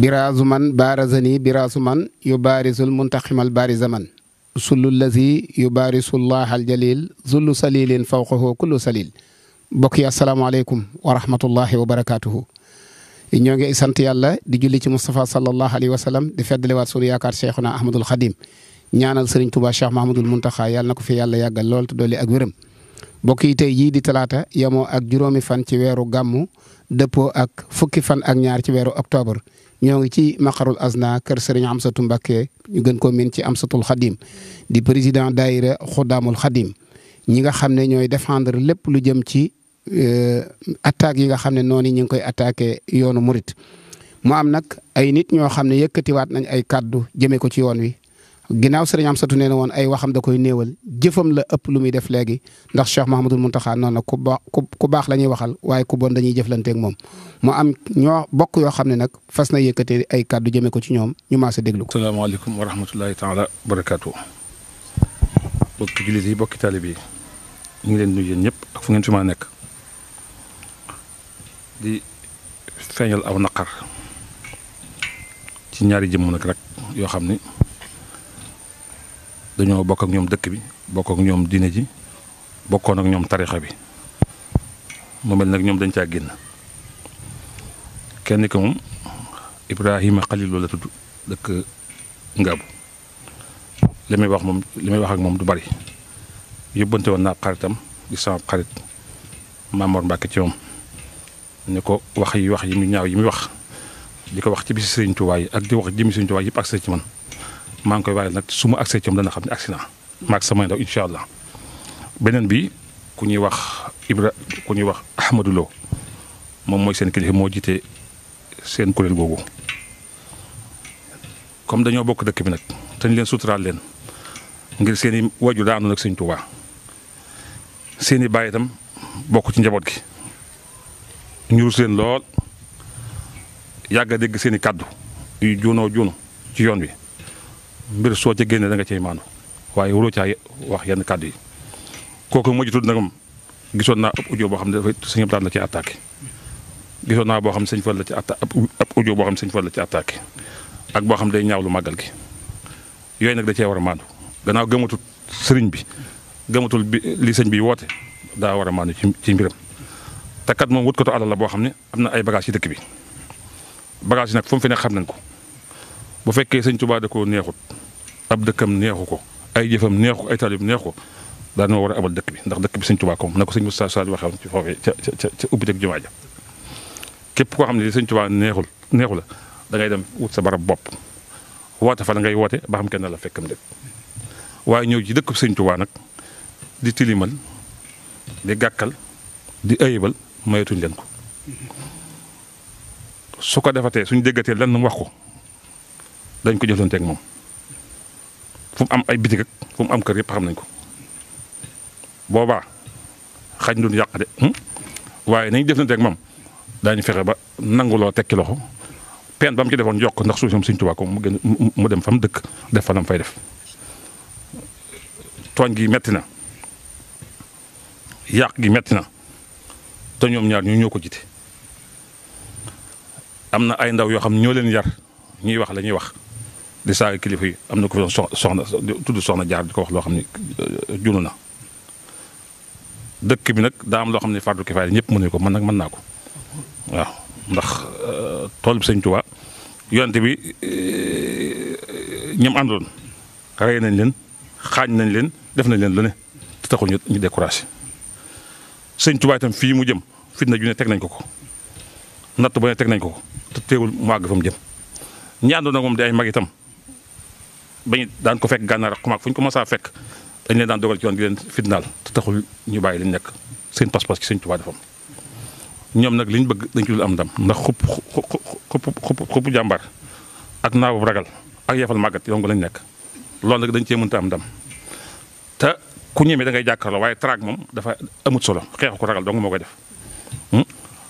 biraasu man baarazani biraasu man yu baarisul muntaximal baari zaman sullu lazi yu baarisullaah al jalil zullu salilin fawqahu kullu salil mbokk yi asalaamaaleykum wa rahmatullahi wa barakaatuhu ñoo ngi sant yàlla di julli ci Moustapha sallallahu alayhi wa sallam di feddalewaat sunu yaakaar Cheikhuna Ahmadul Xadim ñaanal sëriñ Touba Cheikh Mahamadul Muntaxa yàlla na ko fi yàlla yàggal lool te dolli ak wéram mbokk yi tey jii di talaata yemoo ak juróomi fan ci weeru gàmmu dëppoo ak fukki fan ak ñaar ci weeru octobre ñoo ngi ci Maqarul Azna kër Serigne Amsatou Mbacké ñu gën koo miin ci Amsatul Xadim di président daayira Xudaamul Xadim ñi nga xam ne ñooy défendre lépp lu jëm ci euh, attaques yi nga xam ne noonu ñu ngi koy attaqué yoonu murit mu am nag ay nit ñoo xam ne yëkkatiwaat nañ ay kaddu jëmee ko ci yoon wi ginnaaw sëriñ Amsatu nee na woon ay waxam da koy néewal jëfam la ëpp lu muy def léegi ndax Cheikh Mahamadul Muntaxa noonu na ku baax ku baax la ñuy waxal waaye ku bon dañuy jëflanteeg moom mu am ñoo bokk yoo xam ne nag fas na yëkkatee ay kàddu jëmee ko ci ñoom ñu maas a déglu ko. salaamaaleykum wa rahmatulahi taala barakaatu. bokki jullit yi bokki taalib yi ñu ngi leen nuyu yéen ñëpp ak fu ngeen fi maa nekk di feeñal aw naqar ci ñaari jëmm nag rek yoo xam ni. dañoo bokk ak ñoom dëkk bi bokk ak ñoom diine ji bokkoon ak ñoom tarixa bi mu mel nag ñoom dañ caa génn kenn ki moom Ibrahima Xalilu la tudd dëkk nga Ngaabu li may wax moom li may wax ak moom du bari yóbbante woon naa xaritam di sama xarit Maamoor Mbàkke ci moom ne ko wax yi wax yi mu ñaaw yi muy wax di ko wax ci bisi Sëriñ tuwaay yi ak di wax jëmi Sëriñ Tuubaa yëpp ak ci man maa ngi koy waajal nag su ma accès ci dana xam ne agsi naa maag samay ndaw incha allah beneen bi ku ñuy wax Ibra ku ñuy wax Ahmadou moom mooy seen kilifa moo jiite seen kuréel googu comme dañoo bokk dëkk bi nag te ñu leen suturaal leen ngir seeni i waju daa àndoon ak sëñ Tuubaa seen i baay itam bokk ci njaboot gi ñu rus leen lool yàgg dégg seen i kàddu yu juunoo juunu ci yoon wi mbir soo ca génne da nga cay maanu waaye waroo caa wax yenn kàddu yi kooku mujj tudd nag gisoon naa ab boo xam ne dafay sëñ Abdou la ci attaqué gisoon naa boo xam sëñ Fall la ci atta ab boo xam ne sëñ Fall la ci attaqué ak boo xam day ñaawlu màggal gi yooyu nag da cee war a maandu gannaaw gëmatul sëriñ bi gëmatul bi li sëñ bi woote daa war a maandu ci ci mbiram te kat moom wut ko to la boo xam ne am na ay bagages ci dëkk bi bagages yi nag foofu mu fi ne xam nañ ko. bu fekkee sëñ tubaa da koo neexut ab dëkkam neexu ko ay jëfam neexu ko ay taalib neexu ko daanoo war a abal dëkk bi ndax dëkk bi sëñ Tuubaa ko na ko sëñ Moussa Sall waxee woon ci foofee ca ca ca ubbi teg jumaa ja képp koo xam ne sëñ Tuubaa neexul neexu la da dem wut sa barab bopp woote fa la ngay woote ba xam kenn la fekkam dëkk waaye ñëw ci dëkk sëñ Tuubaa nag di tilimal di gàkkal di ayibal mayatuñ leen ko su ko defatee suñ déggatee lenn mu wax ko. dañ ko jëflante ak moom fu am ay bitig ak fu mu am kër yëpp xam nañ ko boobaa xañ duñ yàq de hmm? waaye nañ jëflante ak moom daañu fexe ba nanguloo tekki loxo pen ba mu ci defoon yokk ndax suuf si suñ tubaab ko mu gën mu dem fa mu dëkk def fa la mu fay def tooñ gi metti na yàq gi metti na te ñoom ñaar ñu ñoo ko jite am na ay ndaw yoo xam ñoo leen yar ñuy wax la ñuy wax di saaga kilifa yi am na ko fi doon soxna tudd jaar di ko wax loo xam ne euh, junu na dëkk bi nag daa am loo xam ne fardu kifaaya ñëpp mënuñu ko man nag man naa ko waaw ndax euh, tool bi sëñ Tuubaa yonte bi euh, ñoom àndoon rey nañ leen xaañ nañ leen def nañ leen lu ne te taxul ñu ñu découragé sëñ Tuubaa itam fii mu jëm fitna ju ne teg nañ ko ko natt ba ne teg nañ ko ko te teewul mu àgg fa mu jëm ñi àndoon ak moom di ay mag itam bañ daan ko fekk gànnaar ak xumaag fu ñu ko a fekk dañ leen daan dogal ci yoon di leen fitnaal te taxul ñu bàyyi lañ nekk seen pas-pas ci sëñ Tuubaa defam ñoom nag liñ bëgg dañ ci dul am ndam ndax xup xup jàmbaar jàmbar ak naawu ragal ak yafal màggat yoon nga lañ nekk loolu nag dañ cee mënta am ndam te ku ñemee da ngay jàkkaarloo waaye traag moom dafa amut solo xeexu ko ragal dong moo koy def hmm?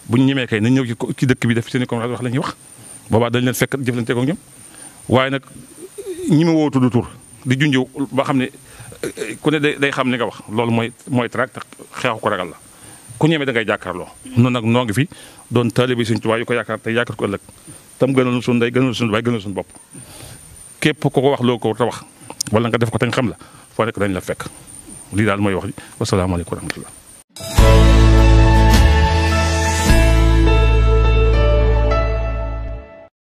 bu ñu ñemee kay nañ ñëw ci dëkk bi def seen i conférence wax la ñuy wax boobaa dañ leen fekk jëflante ko ñoom waaye ñi ma woo tudd tur di junjëw ba xam ne eh, ku ne day xam ni nga wax loolu mooy mooy traak te xeexu ko ragal la ku ñeme da ngay jàkkaarloo. noonu nag noo ngi fi doon taalibe Sëriñ Tuubaa yu ko yaakaar te yaakaar ko ëllëg tam gënal suñu ndey gënal suñu baay gënal suñu bopp képp ku ko wax loo ko te wax wala nga def ko tañ xam la foo nekk dañ la fekk lii daal mooy wax ji wasalaamaaleykum wa rahmatullah